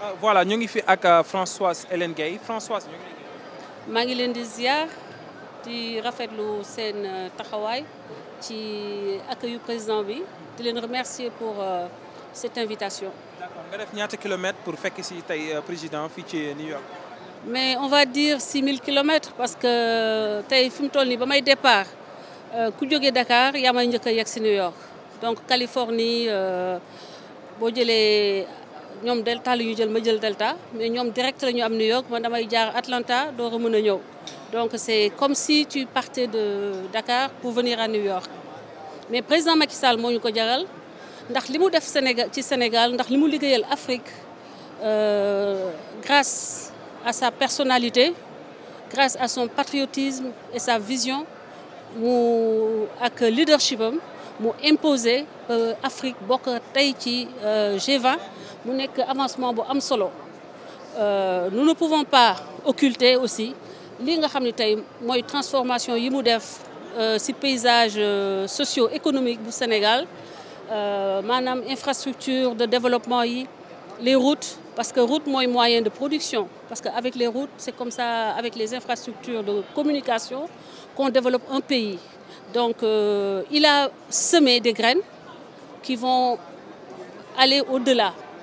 Euh, voilà ñu ngi fi ak euh, Françoise Hélène Guèye Françoise ñu ngi maa ngi leen di ziar di rafetlu seen euh, taxawaay ci accueil président bi di leen remercier pour cette invitation. d'accord nga def ñaata kilomètres pour fekk si tey président fii ci New York. mais on va dire six mille kilomètres parce que tey fi mu toll nii ba may départ ku jógee Dakar yaa may njëkk a yegg si New York donc Californie boo euh, jëlee. ñoom Delta la jël ma jël Delta mais ñoom direct la ñu am New York man damay jaar Atlanta door a mën a ñëw donc c'est comme si tu partais de Dakar pour venir à New York mais président Macky Sall moo ñu ko jaral ndax li mu def Sénégal ci Sénégal ndax li mu liggéeyal Afrique euh, grâce à sa personnalité grâce à son patriotisme et sa vision mu ak leadership am mu imposé euh, Afrique bokk tey ci euh, G20 mu nekk avancement bu am solo euh, nous ne pouvons pas occulter aussi lii nga xam ne tey mooy transformation yi mu def si euh, paysage euh, socio-économique bu Sénégal maanaam infrastructure de développement yi les routes parce que route mooy moyen de production parce que avec les routes c'est comme ça avec les de communication qu'on développe un pays donc euh, il a semé des graines qui vont aller au-delà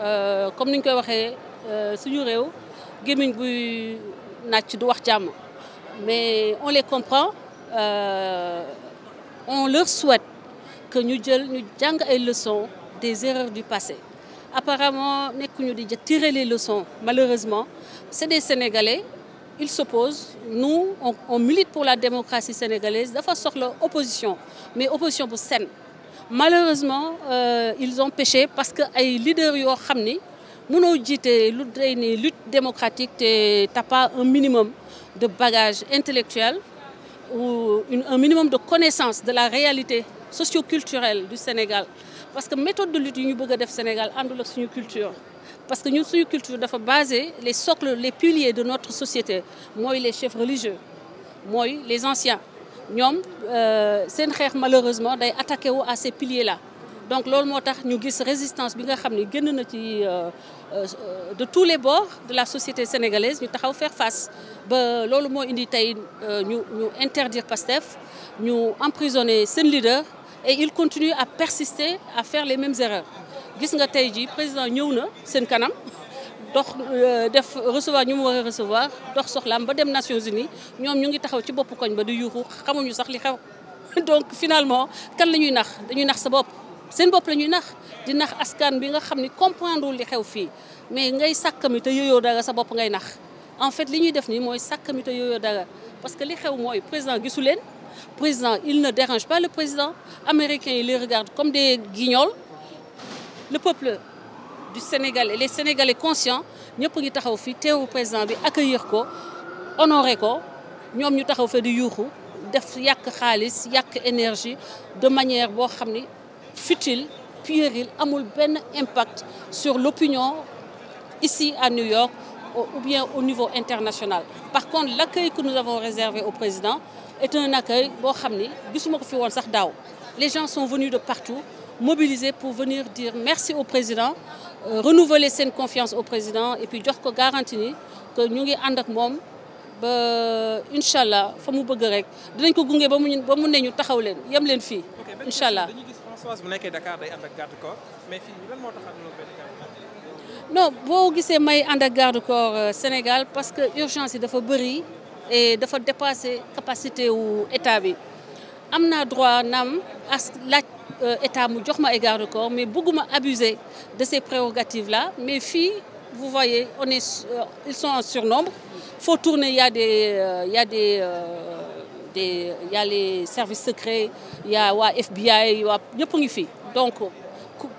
Euh, comme ni ñu koy waxee euh, suñu réew gémmiñ buy nàcc du wax jàmm mais on les comprend euh, on leur souhaite que ñu jël ñu jàng ay leçons des erreurs du passé apparemment nekkuñu di tirer les leçons malheureusement c'est des Sénégalais ils s'opposent nous on, on milite pour la démocratie sénégalaise dafa soxla opposition mais opposition bu saine malheureusement euh, ils ont péché parce que ay leaders yoo xam ni mënoo jiite lu day ni lutte démocratique te tapa pas un minimum de bagage intellectuel ou un minimum de connaissance de la réalité socioculturelle du Sénégal parce que méthode de lutte y ñu bëgg def Sénégal àndul ak suñu culture parce que ñun suñu culture dafa basé les socles les piliers de notre société mooy les chefs religieux mooy les anciens ñoom euh, seen xeex malheureusement day attaqué wu à ces piliers la donc loolu moo tax ñu gis résistance bi nga xam ni génn na ci euh, euh, de tous les bords de la société sénégalaise ñu taxaw faire face ba loolu moo indi tey ñu ñu interdire PASTEF ñu emprisonner seen leader et il continue à persister à faire les mêmes erreurs gis nga tey jii président ñëw na seen kanam dox euh, def recevoir ñu mu war a recevoir dox soxlaam ba dem Nations Unies ñoom ñu ngi taxaw ci boppu koñ ba di yuuxu xamuñu sax li xew donc finalement kan la ñuy nax dañuy nax sa bopp seen bopp la ñuy nax di nax askan bi nga xam ni comprendre li xew fii mais ngay sàkkami te yooyoo dara sa bopp ngay nax en fait li ñuy def nii mooy sàkkami te yooyoo dara parce que li xew mooy président gisuleen leen président il ne dérange pas le président américain yi les regarde comme des guignols le du Sénégalais les Sénégalais conscients ñëpp ngi taxaw fi teewu président bi accueillir ko honorer ko ñoom ñu taxaw fa di yuuxu def yàq xaalis yàq énergie de manière boo xam ni futile puérile amul benn impact sur l'opinion ici à New York ou bien au niveau international par contre l'accueil que nous avons réservé au président est un accueil boo xam ni gisuma ko fi woon sax daaw les gens sont venus de partout mobiliser pour venir dire merci au président euh, renouveler seen confiance au président et puis jox ko garantie ni que ñu ngi ànd ak moom ba incha allah fa mu bëgg rek dinañ ko gunge ba mu ba mu ne ñu taxaw leen yem leen fii. incha allah dañuy gis nekkee Dakar day ànd ak garde corps boo gisee may ànd ak garde corps euh, Sénégal parce que urgence yi dafa bëri et dafa dépasser capacité wu état bi am naa droit nam as laaj. Euh, état mu jox ma ay garde corps mais bëgguma abuser de ces prérogatives là mais fii vous voyez on est euh, ils sont en surnombre faut tourner il y a de euh, il y a des des il y a les a FBI waa ñëpp ngi fii donc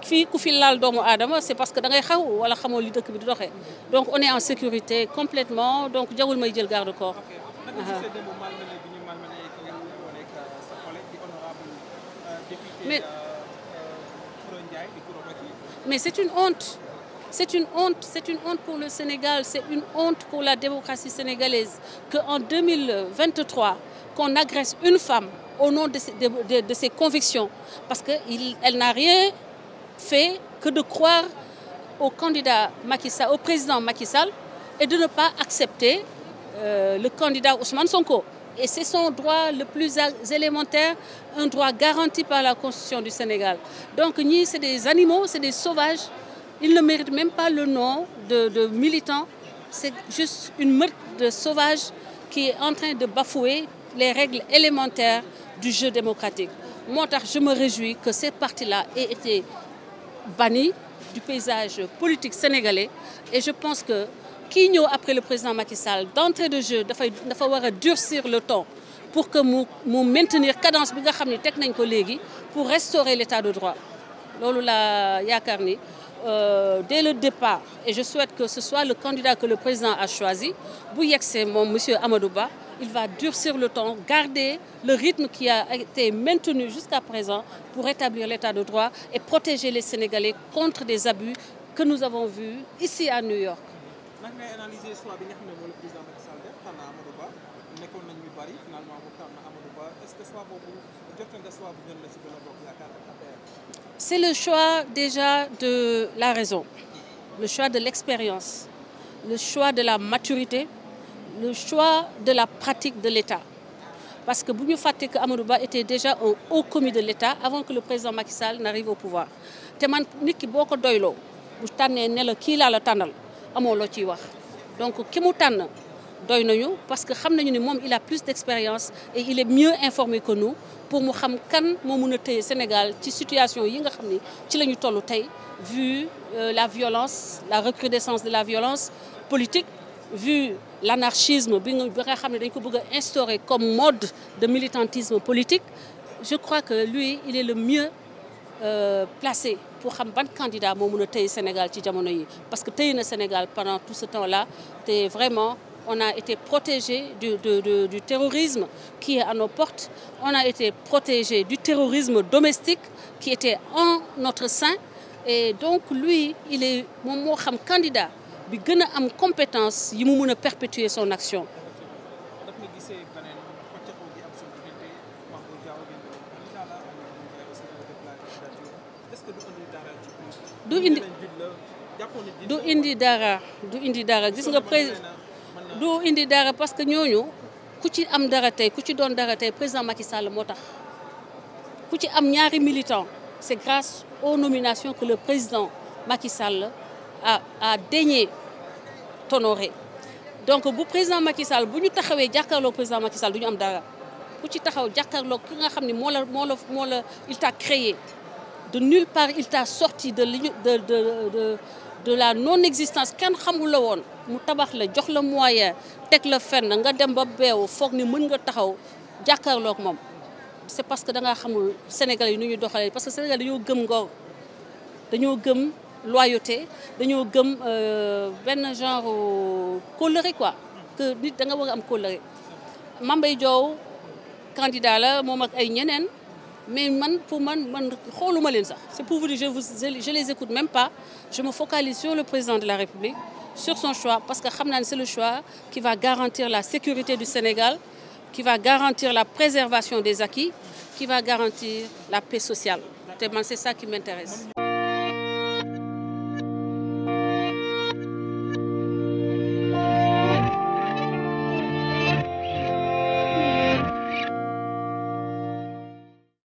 fii ku fi laal doomu aadama c'est parce que da ngay xaw wala xamoo li dëkk bi di doxee donc on est en sécurité complètement donc jawul may jël garde corps mais mais c'est une honte c'est une honte c'est une honte pour le Sénégal c'est une honte pour la démocratie sénégalaise que en 2023 qu'on agresse une femme au nom de ses, de, de, de ses convictions parce que il, elle n'a que de croire au candidat Macky Sall, au président Macky de ne pas accepter euh, le candidat Ousmane Sonko et c'est son droit le plus élémentaire, un droit garanti par la Constitution du Sénégal. Donc ñii c'est des animaux, c'est des sauvages, ils ne méritent même pas le nom de de militants, c'est juste une meute de sauvages qui est en train de bafouer les règles élémentaires du jeu démocratique. Moo tax je me réjouis que ces partis-là aient été bannis du paysage politique sénégalais et je pense que kii ñëw après le président Macky Sall d'entrée de jeu dafay dafa war a durcir le temps pour que mu mu maintenir cadence bi nga xam ni teg nañ ko léegi pour restaurer l'état de droit loolu la yaakaar ni euh, dès le départ et je souhaite que ce soit le candidat que le président a choisi bu yegsee moom monsieur Amadou Ba il va durcir le temps garder le rythme qui a été maintenu jusqu'à présent pour rétablir l'état de droit et protéger les Sénégalais contre des abus que nous avons vus ici à New naka ngay analyser choix c'est le choix déjà de la raison le choix de l'expérience le choix de la maturité le choix de la pratique de l'État parce que bu ñu fàtte que Amadou Ba était déjà un haut commis de l'État avant que le président Macky n'arrive au pouvoir te man nit ki boo ko doyloo bu tànnee la kii laa amoo loo ciy wax donc ki mu tànn doy nañu parce que xam nañu ni moom il a plus d'expérience et il est mieux informé que nous pour mu xam kan moo mën a téye Sénégal ci situation yi nga xam ni ci la ñu toll tey vu euh, la violence la recrudescence de la violence politique vu l'anarchisme bi nga xam ne dañ ko bëgg a instaurer comme mode de militantisme politique je crois que lui il est le mieux euh, placé pour xam ban candidat moo mu a tey Sénégal ci jamono yi parce que téye na Sénégal pendant tout ce temps là te vraiment on a été protégé du, du, du, du terrorisme qui est à nos portes on a été protégé du terrorisme domestique qui était en notre sein et donc lui il est moom moo xam candidat bi gën a am compétence yi mu mën a perpétuer son action du indi du indi dara du indi dara gis nga président du indi daara parce que ñooñu ku ci am dara tey ku ci doon dara tey président Macky Sall moo tax ku ci am ñaari militant c'est grâce aux nominations que le président Macky Sall a a daigné t'honorer donc bu président Macky Sall bu ñu taxawee jàkkaarloo président Macky Sall du ñu am dara ku ci taxaw jàkkaarloo ki nga xam ne moo la il t'a créé de nulle part il t'a sorti de de de de de la non-existence kenn xamul la woon mu tabax la jox la moyen teg la fenn nga dem ba beew foog ni mën nga taxaw jàkkaarloog moom. c'est parce que da ngaa xamul Sénégal yi nu ñu doxalee parce que Sénégal dañoo gëm ngor dañoo gëm loyauté dañoo gëm euh, benn genre euh, colère quoi nit da nga war am colère Mambay Diaw candidat la moom ak ay ñeneen. mais man pour man man xooluma leen sax c'est pour vous dire je vous les écoute même pas je me focalise sur le président de la République sur son choix parce que xam naa ne c'est le choix qui va garantir la sécurité du Sénégal qui va garantir la préservation des acquis qui va garantir la paix sociale te man c'est ça qui m'intéresse